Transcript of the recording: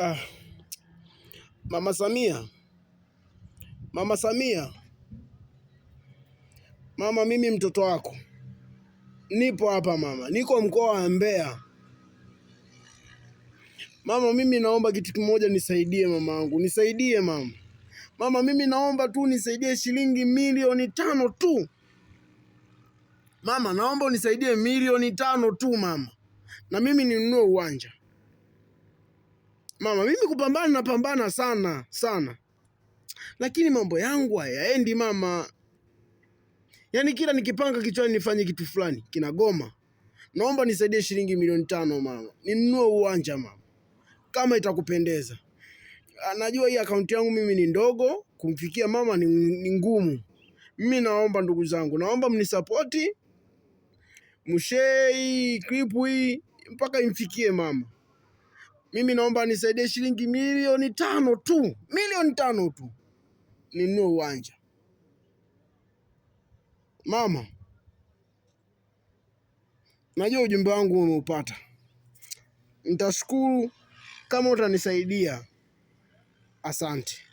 Ah, Mama Samia, Mama Samia, mama, mimi mtoto wako nipo hapa mama, niko mkoa wa Mbeya mama. Mimi naomba kitu kimoja, nisaidie mama yangu, nisaidie mama. Mama, mimi naomba tu nisaidie shilingi milioni tano tu mama, naomba unisaidie milioni tano tu mama, na mimi ninunue uwanja mama, mimi kupambana napambana sana sana, lakini mambo yangu hayaendi mama. Yaani kila nikipanga kichwani nifanye kitu fulani kinagoma. Naomba nisaidie shilingi milioni tano mama, ninunue uwanja mama, kama itakupendeza. Ah, najua hii akaunti yangu mimi ni ndogo, kumfikia mama ni ni ngumu. Mimi naomba ndugu zangu, naomba mnisapoti, mshare hii clip hii mpaka imfikie mama mimi naomba nisaidie shilingi milioni tano tu, milioni tano tu ninunue uwanja. Mama, najua ujumbe wangu umeupata, nitashukuru kama utanisaidia. Asante.